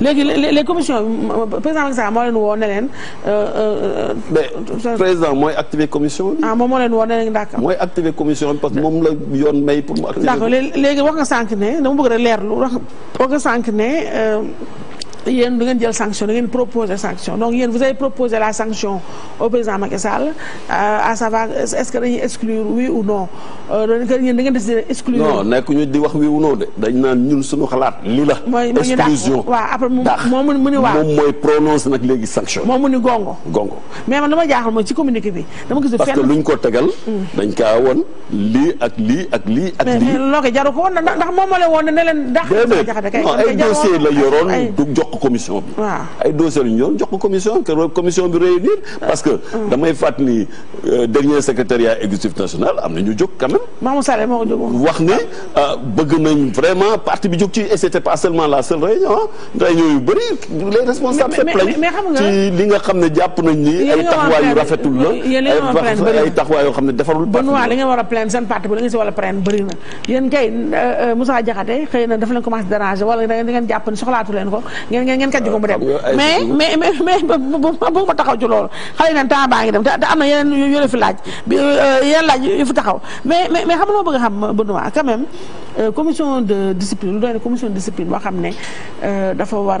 léegi les commissions président Macky Sall moo leen woo ne leen. Euh, euh, mais euh, président mooy activer commission bi. ah moom moo leen woo ne mooy activer commission bi parce que moom la yoon may pour mu. activer léegi wax nga sànq ne dama bëgg rek leerlu wax sànq ne. yéen du ngeen jël sanction da ngeen proposer sanction donc yéen vous avez proposé la sanction au président Macky Sall euh, à savoir est-ce que dañuy exclure oui ou non euh, donc yéen da ngeen décider exclure. non nekk ñu di wax oui ou non de dañ naan ñun suñu xalaat li la. exclusion waaw après mu mu ni waaw moom mooy prononce nag léegi sanction. moom mu ni gongo. gongo mais man dama jaaxal mooy ci communiqué bi. dama gis parce que luñ ko tegal. Hmm. dañ kaa woon lii ak lii ak lii ak lii. mais mais loo ko jaru ko woon ndax moom moo leen woon ne leen. déedéet non ay dossier la yoroon du jox ko commission bi. ay dossiers la ñu doon jox ko commission que commission bi réunir. Ah. parce que ah. damay fàtt ni euh, dernier secrétariat exécutif national am na ñu jóg quand même. Mamou Saleh moo ci li nga xam ne jàpp nañ ni. ay taxawaay rafetul la ay taxawaay xam ne defarul. parti bi li nga war a seen parti bi li nga si war a plaindre bëri kay euh, euh, Moussa xëy na daf leen commencé déranger wala da jàpp ne soxlaatu leen ko ngeen ngeen ngeen kàjj ko mu dem mais mais mais bëgg ma taxaw ci xale yi nag temps baa ngi dem te am na yeneen yu la fi laaj bi euh, yeneen laaj yu fi taxaw mais mais mais xam nga moo bëgg a xam Benoît quand Euh, commission de discipline lu doy ne commission de boo xam ne euh, dafa war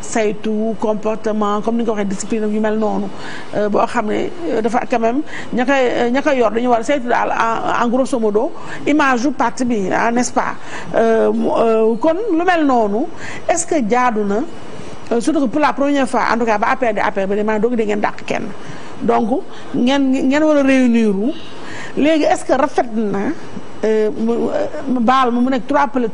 saytu comportement comme ni nga ko waxee discipline yu mel noonu euh, boo xam ne dafa quand même ña koy ña koy yor dañu war a saytu daal en grosso modo image yu parti bi ah, n'est-ce pas kon lu mel noonu est-ce que jaadu na surtout que pour la première fois en tout cas ba APR di APR ba ne maa doog di ngeen dàq kenn donc ngeen ngeen war a réunir léegi est-ce que rafet na Euh, mu euh, baal ma mu nekk trois pelle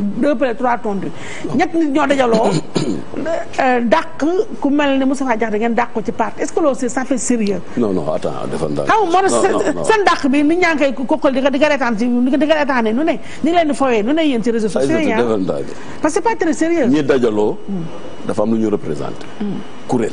deux pelle trois tontu ñett nit ñoo dajaloo euh, dàq ku mel ne Moustapha Diakhaté ngeen dàq ko ci parti est-ce que loolu c'est ça fait sérieux non non attends dafa ndànk xaw moo tax seen bi nit ñaa ngi koy kokkal di ko di ko reetaan ci di ko nu ne ñu leen di nu ne yéen ci réseaux sociaux yi ah. parce que c'est pas sérieux ñi dajaloo dafa am lu ñu représenté hmm. kuréel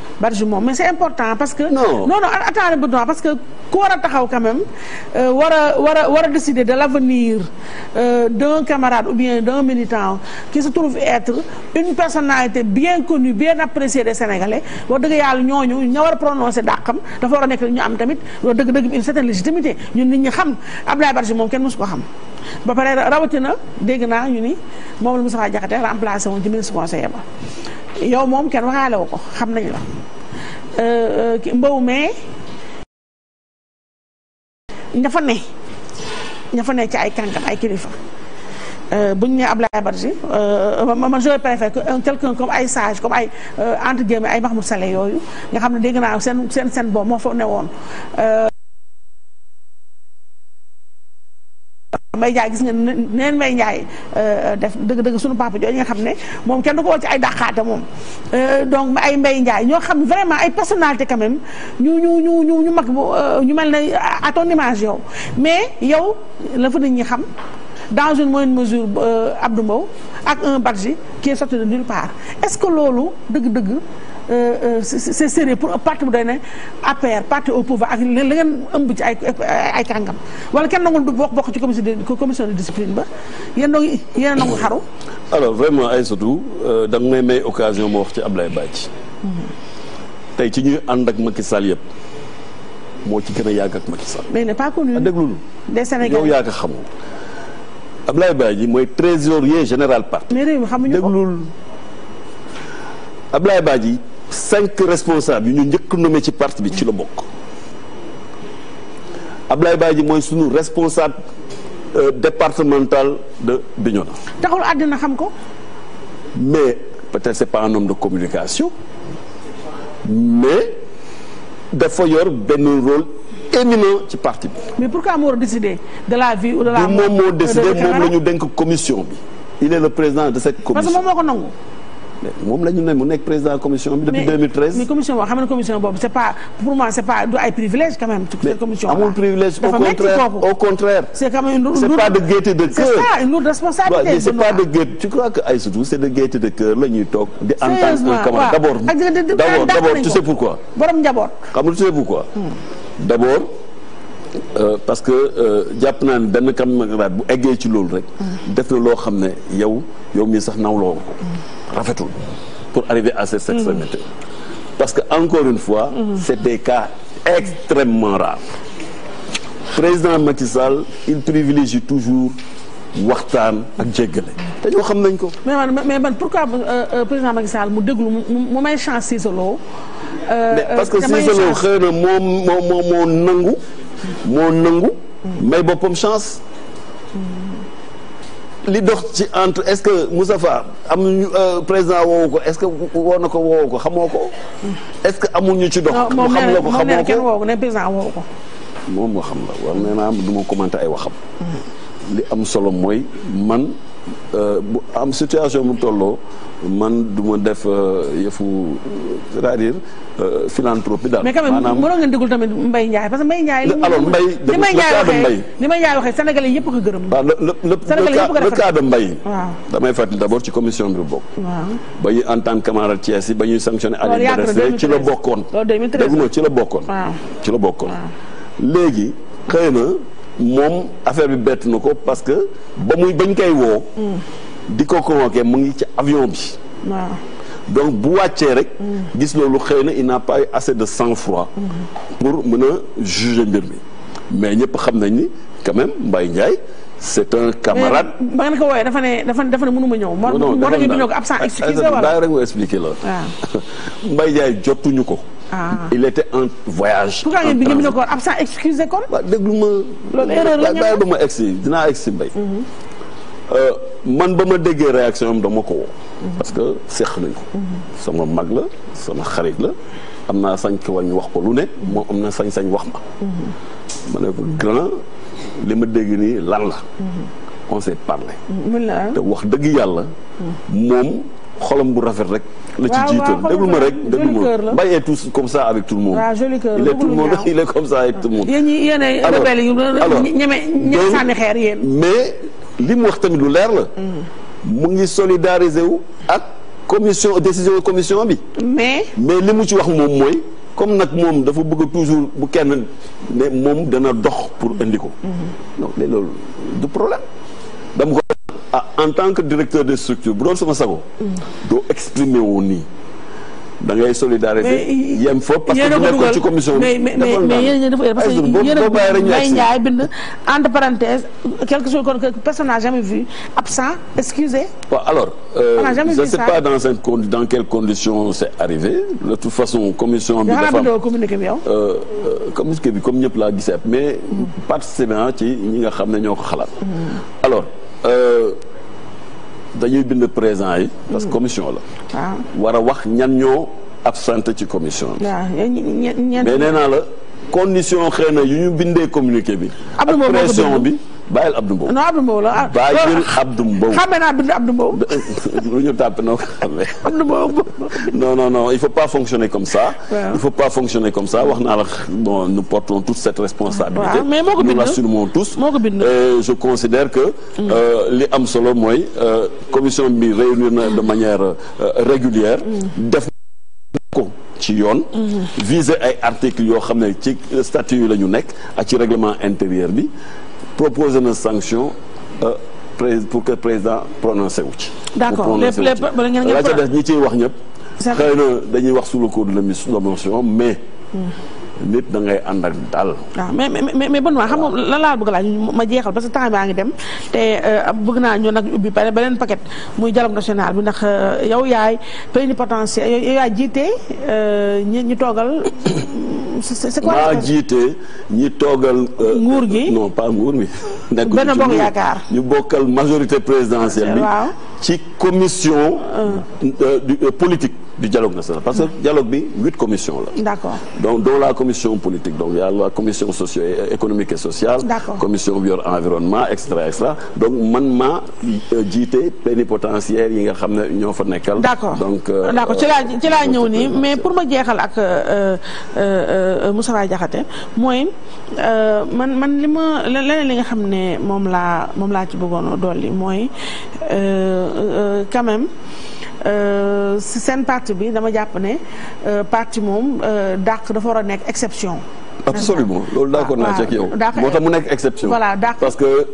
Barju moom mais c'est important parce que. non non non attendez bu parce que ku war a taxaw quand même euh, war a war a war a décider de l'avenir euh, d'un camarade ou bien d'un militant qui se trouve être une personnalité bien connue bien appréciée des Sénégalais wax dëgg yàlla ñooñu ña war a prononcer dàqam dafa war a nekk ñu am tamit wax dëgg dëgg une certaine légitimité ñu nit ñi xam Abdoulaye Barju moom kenn mësu ko xam. ba pare rawatina dégg naa ñu ni moom la Moustapha Diakhaté remplacé woon ci yow moom kenn waxaale wu ko xam nañ la euh, euh, mbaw mais ña fa ne ci ay kàngam ay kilifa euh, buñ ne nee Ablaye Badji man je préfère que quelqu'un comme ay sage comme ay entre guillemets ay Mahmoud Saleh yooyu nga xam ne dégg naa seen seen seen boobu moo fa ne woon Mbaye Ndiaye gis nga neen Mbaye Ndiaye euh, def dëgg-dëgg suñu papa jooju nga xam ne moom kenn du ko woo ci ay dàqaate moom euh, donc ay Mbaye Ndiaye ñoo xam vraiment ay personnalité quand même ñu ñu ñu ñu ñu mag euh, ñu mel ne à mais yow la fa nit ñi xam dans une moyenne mesure Abdou mbaw ak un Badji qui est sorti de nulle part est-ce que loolu dëgg-dëgg Euh, euh, c'est sérieux pour parti bu day ne APR parti au pouvoir ak la ngeen ëmb ci ay ay kàngam wala kenn nangul du bokk bokk ci commission de commission de discipline ba yéen dong yéen nangu xaru alors vraiment Aïssatou euh, da nga may may occasion ma wax ci ab Ablaye Badji mm-hmm. tey ci ñuy ànd ak Macky Sall yëpp moo ci gën a yàgg ak Macky Sall. mais n'est pas connu. Ah, déglul des Sénégalais yow yaa ko xamul. Ablaye yi mooy trésorier général parti. mais réew mi xamuñu ko déglul Ablaye Badji. cinq responsables yi ñu njëkk nommé ci parti bi ci la bokk Ablaye ji mooy sunu responsable euh, départemental de Bignona. taxul àddina xam ko. mais peut-être c'est pas un homme de communication mais dafa yor benn rôle éminent ci parti bi. mais pourquoi moo décidé de la la mort moom moo décidé moom la ñu dénk commission bi. il est le président de cette commission parce que moom moo ko nangu. moom la ñu ne mu nekk président commission depuis mais commission boobu c'est pas pour moi c'est pas du ay privilège quand même. mais privilège au contraire au contraire. c'est quand même une c'est pas de gaieté de cœur. c'est ça une lourde de gaieté tu que ay surtout c'est de gaieté de cœur la toog. di entendre un camarade d'abord d'abord d'abord tu sais pourquoi. borom njaboot. xam nga tu sais pourquoi. Hmm. d'abord. Euh, parce que euh, jàpp naa ne benn camarade bu eggee ci loolu rek. Hmm. def na loo xam ne yow yow mii sax nawloo ko. Hmm. rafetul pour arriver à cette extrémité parce que encore une fois c'est des cas extrêmement rares président Macky Sall il privilégie toujours waxtaan ak jéggale te ñoo xam nañ ko mais mais man pourquoi euh, euh, président Macky Sall mu déglu mu may chance Cissé Lo euh, mais parce que Cissé Lo xëy na moo moo moo nangu moo nangu may boppam chance li dox ci entre est-ce que Moustapha am ñu euh, président woowu ko est-ce que woo na ko woowu ko xamoo ko. est-ce que amul ñu ci dox. mu xam la ko xamoo ko moom nee président woowu ko. moom nga xam la war nee naa du ma commenter ay waxam. li am solo mooy man. Euh, bu am situation mu tolloo man du ma def euh, yëfu c'est-à-dire euh, philanthropie daal. mais quand même mënoon ngeen déglu tamit Mbaye Ndiaye parce que Mbaye Ndiaye. alors Mbaye de Mbaye li may Ndiaye waxee Sénégalais yëpp ko gërëm. waaw le cas de Mbaye. damay fàttali d' abord ci commission bi la bokk. ba ñu en tant que camarade Thiès yi ba ñuy sanctionné. loolu yàgg ci la bokkoon. loolu 2013 dégg ci la bokkoon. la bokkoon léegi xëy na. moom affaire bi bett na ko parce que ba muy bañ koy woo. di ko ko convoqué mu ngi ci avion bi. donc bu wàccee rek. Mm. gis loolu xëy na il n'a pas eu assez de cent froid mm. pour mën a juger mbir mi mais ñëpp xam nañ ni quand même Mbaye Ndiaye. c'est un camarade. ba ngeen ko wooyee dafa ne dafa dafa ne mënuma ñëw. non non dafa ne moo tax ñu absent excuse wala. daa rek mu expliqué la. waaw Mbaye Ndiaye jotuñu ko. Ah. il était un voyage. en transit bi nga ko absent excusé kon. waaw déglu ma. loolu erreur la ba ma egsi dinaa egsi mbay. Mhm. Euh, man ba ma déggee réaction am dama ko mhm. parce que seq nañ ko. Mhm. sama mag la sama xarit la am naa sañ ko wañ wax ko lu ne moom am na sañ-sañ wax ma. ma ne ko grand li ma dégg nii lan la. on te wax dëgg yàlla. moom. xolam bu rafet rek. la ci jiital déglu ma rek déglu ma Mbaye est comme ça avec tout le li mu wax tamit lu leer la. Mm. mu ngi solidariser wu ak commission décision commission bi. mais mais li mu ci wax moom mooy. comme nag moom dafa bëgg toujours bu kenn ne moom dana dox pour indi ko. Mm-hmm. du problème ko. en tant que directeur de structure bu doon sama sago. doo exprimer wu nii. da ngay solidarité yem foofu parce que bu nekkoon ci commission bi. mais mais mais yéen a dafa parce que yéen a Ndiaye bind entre parenthèse quelque chose que personne n'a jamais vu absent excusez. waaw alors euh, je ne sais pas dans cette dans quelles conditions c'est arrivé de toute façon commission bi dafa am communiqué bi yow. Euh, euh, communiqué bi comme ñëpp laa gisee mais mm. participant ci ñi nga xam ne ñoo ko xalaat. Mm. alors. dañuy bind présent yi. parce que hmm. commission la. Ah. war a wax ñan ñoo absenté ci commission bi. Ah, mais nee naa la condition xëy na yu ñu bindee communiqué bi. ak pression bi. bàyyil Abdou Mbow. non Abdou Mbow la ah. bàyyil Abdou Mbow. xam naa bind ñu tàpp noo ko xamee. Abdou Mbow. non non il faut pas fonctionner comme ça. il faut pas fonctionner comme ça wax naa la bon nous portons toute cette responsabilité. mais moo ko bind nous l'assumons tous. moo ko bind euh, je considère que. Mm. Euh, li am solo mooy euh, commission bi réunir na de manière régulière. Mm. def ko ci yoon mm. viser ay articles yoo xam ne ci statut yi la ñu nekk a ci règlement intérieur bi proposé na sanction euh, pour que président prononcé wu ci. d'accord lépp lépp bala ngeen ngeen la des ñi wax ñëpp. xëy dañuy wax sous le coup de la motion mais. Hmm. da ngay ànd ak dal. waaw ah, mais mais mais bon waa xam lan laa bëgg a laaj ma jeexal que temps baa dem te euh, bëgg naa ñu nag ubbi pare beneen paquet muy dialogue national bi ndax euh, yow yaay plénipotentiaire yow yaay jiite ñi ñu toogal. c'est quoi maa jiite ñi toogal. Euh, nguur gi non pas nguur gi. nekkul benn yaakaar ñu bokkal majorité présidentielle bi. ci commission. Euh. Euh, politique. du dialogue national parce que dialogue bi huit commissions la. d'accord donc dont la commission politique donc a la commission socio économique et sociale. d'accord commission bior environnement et cetera et cetera man maa euh, jiite plénipotentiaire yi nga xam ne ñoo fa nekkal. d'accord donc euh, d'accord ci laa ci laa nii euh, mais pour ma jeexal ak Moustapha Diakhaté mooy man man li ma leneen li nga xam ne moom laa moom laa ci bëggoon yi mooy quand Euh, si seen parti bi dama jàpp ne euh, parti moom euh, dàq dafa war a nekk exception. absolument loolu d'accord naa ci ak yow moo tax mu nekk exception voilà parce que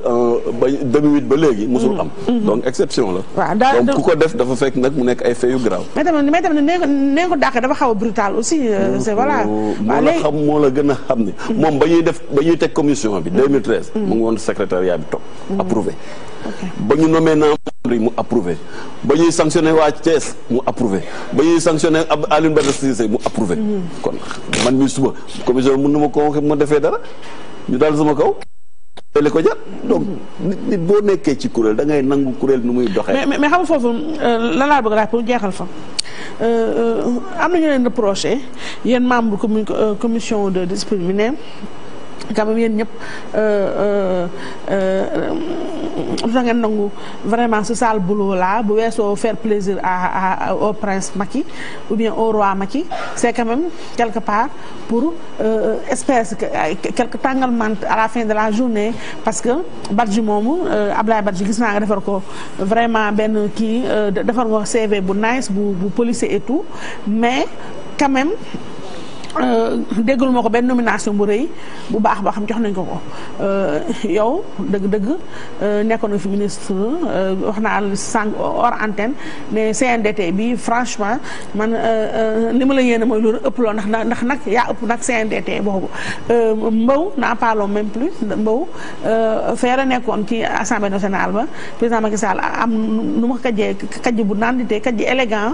ba 2008 ba léegi musul mm-hmm. am mm-hmm. donc exception la waaw donc ku ko def dafa fekk nag mu nekk ay faits yu grave mais tamit mais tamit nee nga ko dàqee dafa xaw a brutal aussi mm-hmm. c'est voilà moo la xam moo la gën a xam ne moom ba ñuy def ba ñuy teg commission bi 2013 mu ngi woon secrétariat bi toog approuvé ba ñu nommé naa mu approuvé ba ñuy sanctionné waa Thiès mu approuvé ba ñuy sanctionné ab Alioune Badara Cissé mu approuvé mm-hmm. kon man mi suba commission mën na ma convoqué ma defee dara ñu daal sama kaw li ko jar donc mm-hmm. nit nit boo nekkee ci kuréel da ngay nangu kuréel nu muy doxee mais mais xam nga foofu euh, lan laa bëgg laaj pour jeexal fa euh, euh, am na ñu leen reproché yéen membre commission de discipline quand même yéen ñëpp lu euh, tax euh, euh, ngeen nangu vraiment ce sale boulot bu weesoo faire plaisir à au prince Macky ou bien au roi Macky c'est quand quelque part pour espèce quelque tàngalment à la fin de la journée parce que Badji moomu abla Badji gis naa nga defar ko vraiment benn kii defar ko CV bu nice bu bu policier et tout mais quand Euh, déggal ma ko benn nomination bu rëy bu baax boo xam jox nañ ko ko euh, yow dëgg-dëgg euh, nekkoon na fi ministre wax naa sànq hors antenne ne CNDT bi franchement man li ma la yéene mooy loolu ëpp loo ndax ndax nag yaa ëpp nag CNDT boobu mbaw n'en parlons même plus Mbow feere nekkoon ci assemblée nationale ba président Macky Sall am nu ma ko kajee kajj bu nandite kajj élégant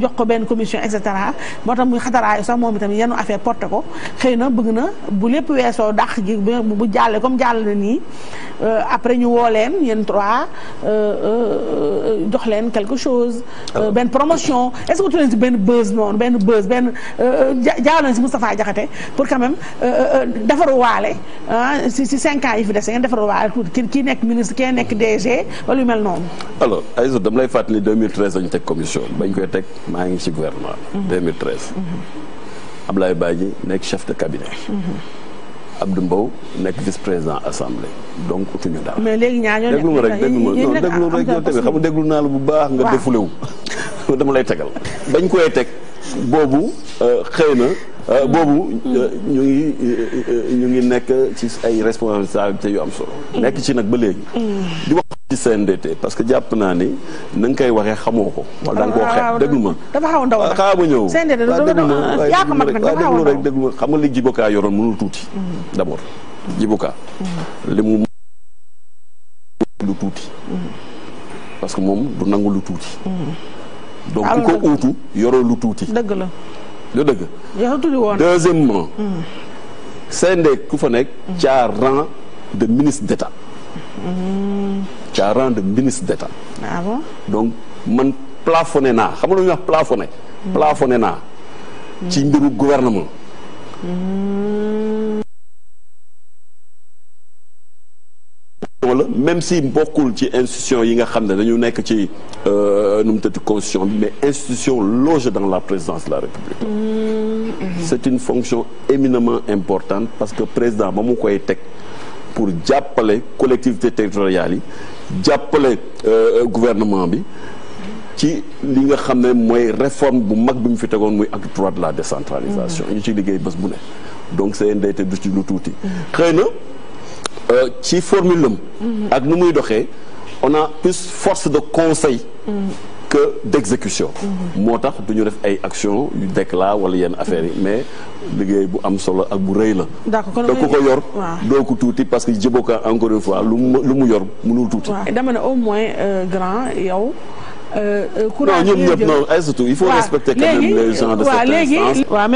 jox ko benn commission et cetera moo tax muy sax moom itam yenu affaire porté ko xëy na bëgg na bu lépp weesoo dàq ji bu jàllee comme jàll na nii euh, après ñu woo leen yéen trois euh, euh, jox leen quelque chose ah. benn promotion est ce que tu leen si benn buzz noonu benn buzz benn jaar leen si Moustapha Diakhaté pour quand même defaru waale ah si si cinq ans yi fi dese ngeen defaru waale tuuti ki nekk ministre kii nekk DG wala yu mel noonu alors Aïssatou dama lay fàttali 2013 dañu teg commission bañ koy teg maa ngi ci gouvernement mhm. Ablaye Badji nekk chef de cabinet. Mm-hmm. Abdou Mbow nekk vice président assemblée donc utuñu daal. mais léegi ñaa ñoo déglu ma rek déglu ma non déglu rek yow tamit xam déglu naa la bu baax. nga défulé wu dama lay tegal. bañ koy teg boobu euh, xëy na. Euh, boobu mm-hmm. euh, ñu ngi ñu ngi nekk ci ay responsabilités yu am solo. Mm-hmm. nekk ci nag ba léegi. CNDT parce que jàpp naa ni na koy waxee xamoo ko. wala da nga koo ah, ma dafa xaw a ndaw rek ah, xaaral ñëw. Ah, a yaa ko mag waaye déglu rek déglu xam tuuti. Mhm. d'abord jibokaa. Mhm. li mu lu tuuti. parce que moom du nangu lu tuuti. Mhm. donc ku ko uutu yoroo lu tuuti. dëgg dëgg. yaa tuuti woon deuxièmement. CND ku fa nekk. ca rang de ministre d'État. tu as ministre d'État. Ah donc man plafonné naa xam nga lu ñuy wax plafonné. naa. ci mbiru gouvernement. wala même si bokkul ci institution yi nga xam ne dañu nekk ci euh, nu mu tëdd constitution bi mais institution loge dans la présidence de la République. Mm-hmm. c'est une fonction éminemment importante parce que président ba mu koy teg pour jàppale collectivité territoriales yi. jàppale euh, gouvernement bi ci li nga xam ne mooy réforme bu mag bi mu fi tegoon muy acte trois de la décentralisation mm-hmm. ñu ci liggéey bés bu ne donc CNDT du ci lu tuuti mm-hmm. xëy na euh, ci formule mm-hmm. ak nu muy doxee on a plus force de conseil que d'exécution. Mhm. moo tax du ñu def ay action yu déclare wala yenn affaires yi mais liggéey bu am solo ak bu rëy la. d'accord kon ko yor. doo ko tuuti parce que jëboka encore une fois lu mu lu mu yor mënul tuuti. dama ne au moins euh, grand yow. Euh, euh, courage non ñun ñëpp non surtout il faut respecter quand les gens de cette instance.